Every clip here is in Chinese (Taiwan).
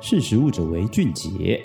識時務者為俊傑。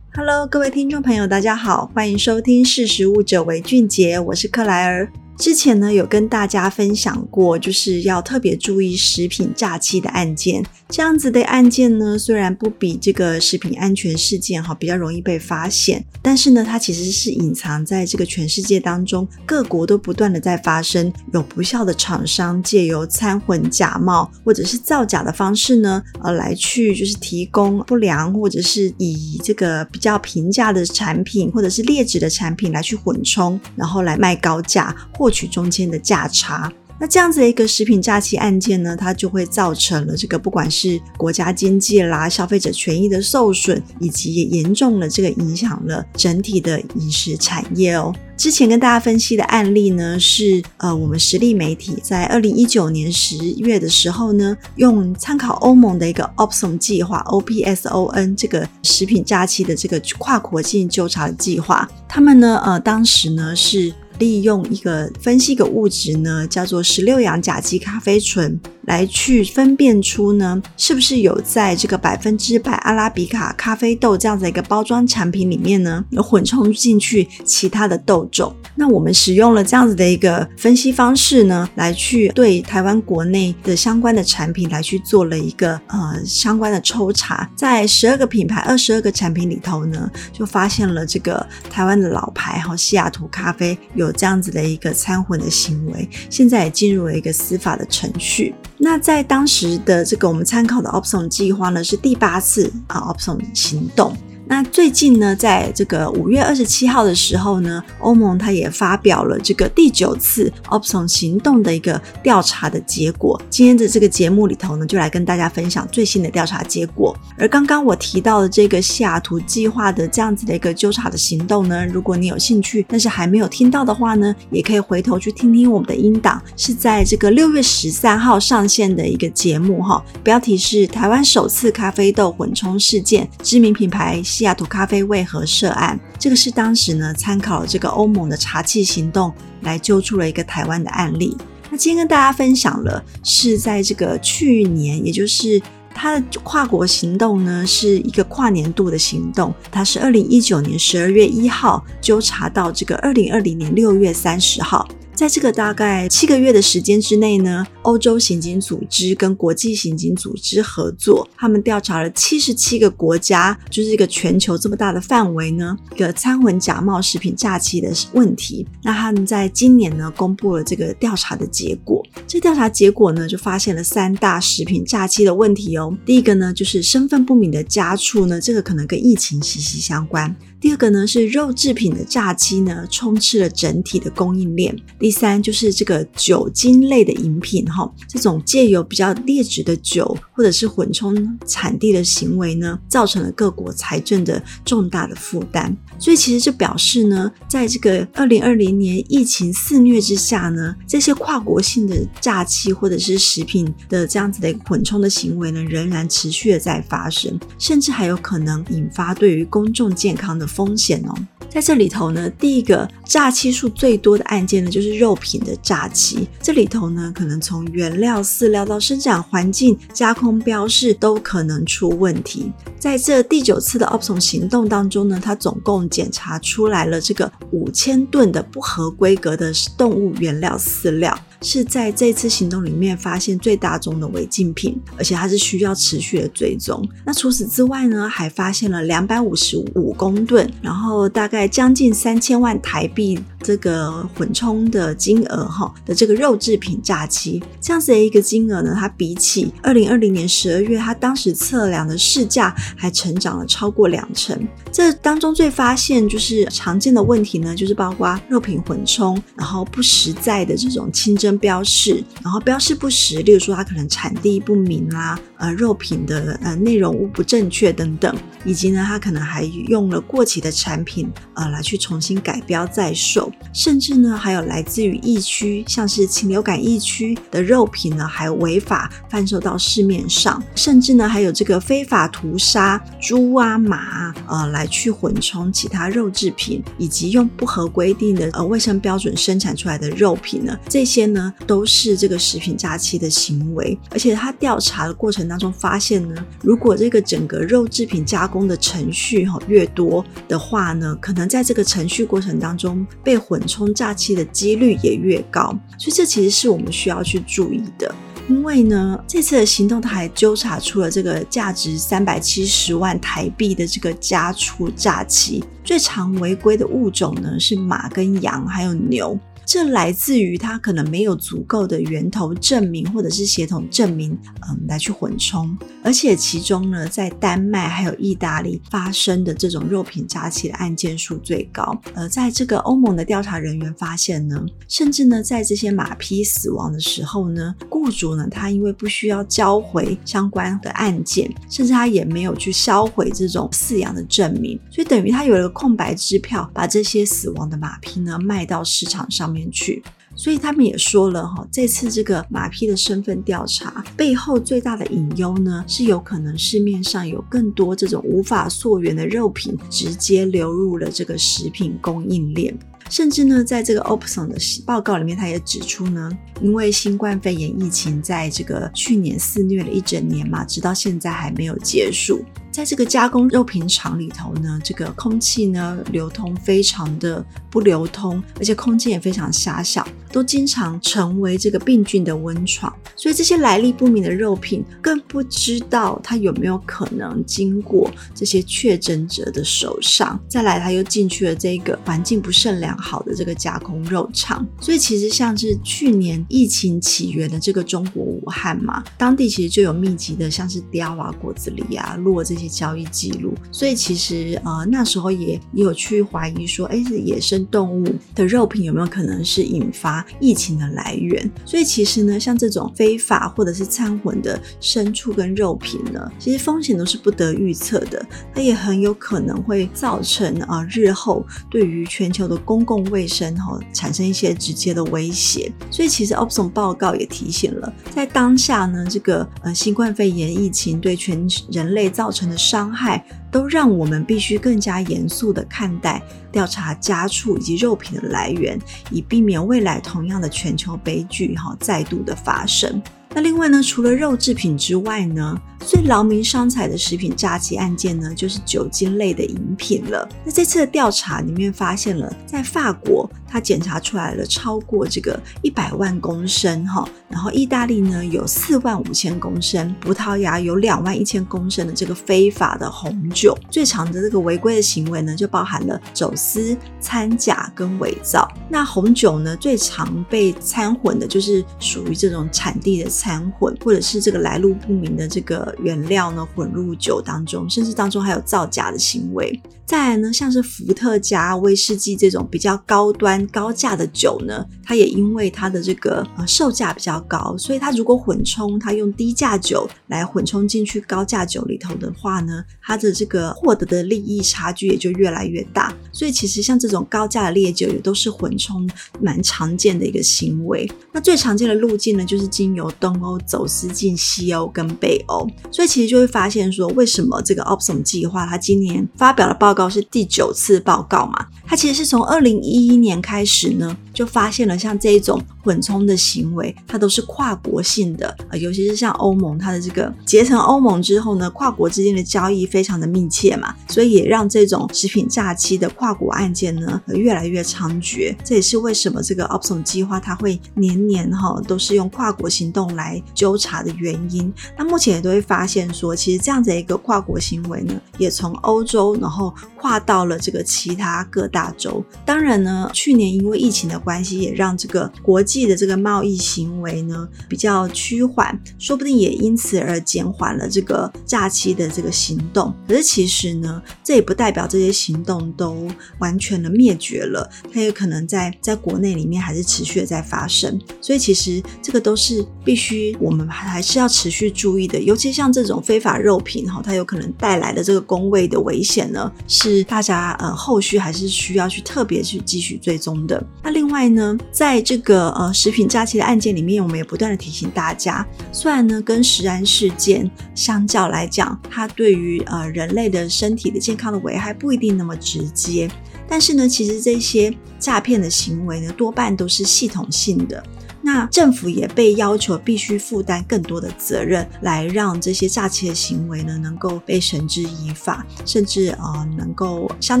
Hello，各位聽眾朋友，大家好，歡迎收聽《識時務者為俊傑》，我是克萊爾。之前呢有跟大家分享過，就是要特別注意食品詐欺的案件。這樣子的案件呢，雖然不比這個食品安全事件哈比較容易被發現，但是呢，它其實是隱藏在這個全世界當中，各國都不斷的在發生。有不肖的廠商借由摻混、假冒或者是造假的方式呢，呃來去就是提供不良或者是以這個比較平價的產品或者是劣質的產品來去混充，然後來賣高價獲取中間的價差，那這樣子的一個食品詐欺案件呢，它就會造成了這個不管是國家經濟啦、消費者權益的受損，以及也嚴重了這個影響了整體的飲食產業哦。之前跟大家分析的案例呢，是呃我們實力媒體在二零一九年十月的時候呢，用參考歐盟的一個 OPSON 計劃 OPSON 這個食品詐欺的這個跨國境糾察計劃，他們呢呃當時呢是。利用一個分析的個物質呢，叫做十六氧甲基咖啡醇，來去分辨出呢，是不是有在這個百分之百阿拉比卡咖啡豆這樣子的一個包裝產品裡面呢，有混充進去其他的豆種。那我們使用了這樣子的一個分析方式呢，來去對臺灣國內的相關的產品來去做了一個呃相關的抽查，在十二個品牌二十二個產品裡頭呢，就發現了這個臺灣的老牌哈西雅圖咖啡有。有這樣子的一個摻混的行為，現在也進入了一個司法的程序。那在當時的這個我們參考的 OPSON 計劃呢，是第八次啊 OPSON 行動。那最近呢，在這個五月二十七號的時候呢，歐盟它也發表了這個第九次 Opson 行動的一個調查的結果。今天的這個節目裡頭呢，就來跟大家分享最新的調查結果。而剛剛我提到的這個西雅圖計劃的這樣子的一個糾察的行動呢，如果你有興趣，但是還沒有聽到的話呢，也可以回頭去聽聽我們的音檔，是在這個六月十三號上線的一個節目哈、哦，標題是“台灣首次咖啡豆混充事件，知名品牌”。西雅圖咖啡為何涉案？這個是當時呢，參考了這個歐盟的查緝行動，來揪出了一個台灣的案例。那今天跟大家分享了，是在這個去年，也就是他的跨國行動呢是一個跨年度的行動，他是二零一九年十二月一號糾查到這個二零二零年六月三十號。在這個大概七個月的時間之內呢，歐洲刑警組織跟國際刑警組織合作，他們調查了七十七個國家，就是一個全球這麼大的範圍呢，一個摻混假冒食品詐欺的問題。那他們在今年呢，公布了這個調查的結果。這調查結果呢，就發現了三大食品詐欺的問題哦。第一個呢，就是身份不明的家畜呢，這個可能跟疫情息息相關。第二個呢，是肉製品的詐欺呢，充斥了整體的供應鏈。第三就是這個酒精類的飲品哈，這種借由比較劣質的酒或者是混充產地的行為呢，造成了各國財政的重大的負擔。所以其實這表示呢，在這個二零二零年疫情肆虐之下呢，這些跨國性的詐欺或者是食品的這樣子的一個混充的行為呢，仍然持續的在發生，甚至還有可能引發對於公眾健康的風險哦。在這裡頭呢，第一個詐欺數最多的案件呢，就是肉品的詐欺。這裡頭呢，可能從原料飼料到生長環境、加工標示都可能出問題。在這第九次的 OPSON 行動當中呢，他總共檢查出來了這個五千噸的不合規格的動物原料飼料，是在這次行動裡面發現最大宗的違禁品，而且它是需要持續的追蹤。那除此之外呢，還發現了兩百五十五公噸，然後大概。將近三千萬台幣。這個混充的金額哈的這個肉製品詐欺這樣子的一個金額呢，它比起二零二零年十二月它當時測量的市價還成長了超過兩成。這當中最發現就是常見的問題呢，就是包括肉品混充，然後不實在的這種清真標示，然後標示不實，例如說它可能產地不明啦、啊，呃肉品的呃內容物不正確等等，以及呢它可能還用了過期的產品呃來去重新改標再售。甚至呢，還有來自於疫區，像是禽流感疫區的肉品呢，還違法販售到市面上。甚至呢，還有這個非法屠殺豬啊、馬啊，呃，來去混充其他肉製品，以及用不合規定的呃衛生標準生產出來的肉品呢，這些呢，都是這個食品詐欺的行為。而且他調查的過程當中發現呢，如果這個整個肉製品加工的程序哈、哦、越多的話呢，可能在這個程序過程當中被混沖詐欺的幾率也越高，所以這其實是我們需要去注意的。因為呢，這次的行動他還揪查出了這個價值三百七十萬台幣的這個家畜詐欺。最常違規的物種呢是馬、跟羊、還有牛。這來自於他可能沒有足夠的源頭證明，或者是協同證明，嗯，來去緩衝。而且其中呢，在丹麥還有意大利，發生的這種肉品詐欺的案件數最高。而在這個歐盟的調查人員發現呢，甚至呢，在這些馬匹死亡的時候呢，僱主呢，他因為不需要交回相關的案件，甚至他也沒有去銷毀這種飼養的證明，所以等於他有了空白支票，把這些死亡的馬匹呢賣到市場上面去，所以他們也說了哈，這次這個馬匹的身份調查背後最大的隱憂呢，是有可能市面上有更多這種無法溯源的肉品直接流入了這個食品供應鏈，甚至呢，在這個 OPSON 的報告裡面，他也指出呢，因為新冠肺炎疫情在這個去年肆虐了一整年嘛，直到現在還沒有結束。在這個加工肉品廠裡頭呢，這個空氣呢流通非常的不流通，而且空間也非常狹小，都經常成為這個病菌的溫床。所以這些來歷不明的肉品，更不知道它有沒有可能經過這些確診者的手上。再來，它又進去了這個環境不甚良好的這個加工肉廠。所以其實像是去年疫情起源的這個中國武漢嘛，當地其實就有密集的像是貂啊、果子狸啊、落這些。交易記錄，所以其實呃那時候也，也有去懷疑說，哎，野生動物的肉品有沒有可能是引發疫情的來源？所以其實呢，像這種非法或者是摻混的牲畜跟肉品呢，其實風險都是不得預測的，它也很有可能會造成啊、呃、日後對於全球的公共衛生哈、呃、產生一些直接的威脅。所以其實 OPSON 報告也提醒了，在當下呢，這個呃新冠肺炎疫情對全人類造成的。傷害都讓我們必須更加嚴肅的看待調查家畜以及肉品的來源，以避免未來同樣的全球悲劇哈再度的發生。那另外呢，除了肉製品之外呢，最勞民傷財的食品詐欺案件呢，就是酒精類的飲品了。那這次的調查裡面發現了，在法國，它檢查出來了超過這個一百萬公升哈，然後意大利呢有四萬五千公升，葡萄牙有兩萬一千公升的這個非法的紅酒。最常的這個違規的行為呢，就包含了走私、摻假跟偽造。那紅酒呢，最常被摻混的就是屬於這種產地的摻。摻混或者是這個來路不明的這個原料呢，混入酒當中，甚至當中還有造假的行為。再來呢，像是伏特加威士忌、這種比較高端高價的酒呢，它也因為它的這個呃售價比較高，所以它如果混充，它用低價酒來混充進去高價酒裡頭的話呢，它的這個獲得的利益差距也就越來越大。所以其實像這種高價的烈酒也都是混充蠻常見的一個行為。那最常見的路徑呢，就是經由東歐走私進西歐跟北歐。所以其實就會發現說，為什麼這個 OPSON 計劃它今年發表的報告是第九次報告嘛？它其實是從二零一一年開始呢。就發現了像這一種混充的行為，它都是跨國性的啊，尤其是像歐盟，它的這個結成歐盟之後呢，跨國之間的交易非常的密切嘛，所以也讓這種食品詐欺的跨國案件呢越來越猖獗。這也是為什麼這個 OPSON 計劃它會年年哈都是用跨國行動來糾察的原因。那目前也都會發現說，其實這樣子的一個跨國行為呢，也從歐洲然後跨到了這個其他各大洲。當然呢，去年因為疫情的關係也讓這個國際的這個貿易行為呢，比較趨緩，說不定也因此而減緩了這個詐欺的這個行動。可是其實呢，這也不代表這些行動都完全的滅絕了，它也可能在在國內裡面還是持續的在發生。所以其實這個都是必須我們還是要持續注意的，尤其像這種非法肉品哈，它有可能帶來的這個公衛的危險呢，是大家呃、嗯、後續還是需要去特別去繼續追蹤的。那另外。另外呢，在這個呃食品詐欺的案件裡面，我們也不斷的提醒大家，雖然呢跟食安事件相較來講，它對於呃人類的身體的健康的危害不一定那麼直接，但是呢，其實這些詐騙的行為呢，多半都是系統性的。那政府也被要求必須負擔更多的責任，來讓這些詐欺的行為呢，能夠被繩之以法，甚至呃能夠相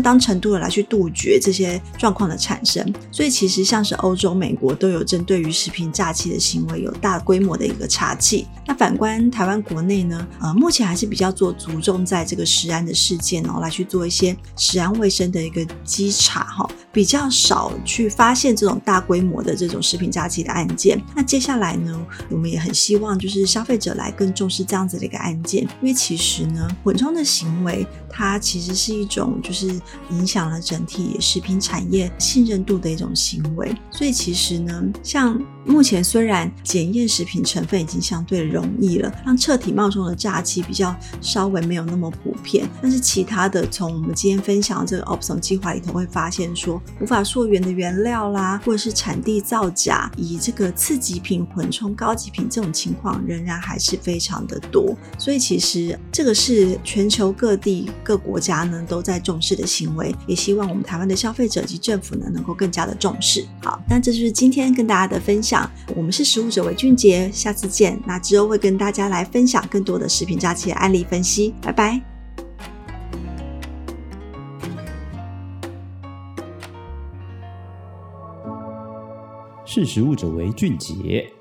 當程度的來去杜絕這些狀況的產生。所以其實像是歐洲、美國都有針對於食品詐欺的行為有大規模的一個查緝。那反觀台灣國內呢，呃目前還是比較做着重在這個食安的事件哦、喔，來去做一些食安衛生的一個稽查哈、喔。比較少去發現這種大規模的這種食品詐欺的案件。那接下來呢，我們也很希望就是消費者來更重視這樣子的一個案件，因為其實呢，混充的行為它其實是一種就是影響了整體食品產業信任度的一種行為。所以其實呢，像。目前雖然檢驗食品成分已經相對容易了，讓徹底冒充的詐欺比較稍微沒有那麼普遍，但是其他的從我們今天分享的這個 OPSON 計劃裡頭會發現說，說無法溯源的原料啦，或者是產地造假，以這個次級品混充高級品這種情況，仍然還是非常的多。所以其實這個是全球各地各國家呢都在重視的行為，也希望我們台灣的消費者及政府呢能夠更加的重視。好，那這就是今天跟大家的分享。我們是食物者為俊傑，下次見。那之後會跟大家來分享更多的食品詐欺案例分析。拜拜。食時務者為俊傑。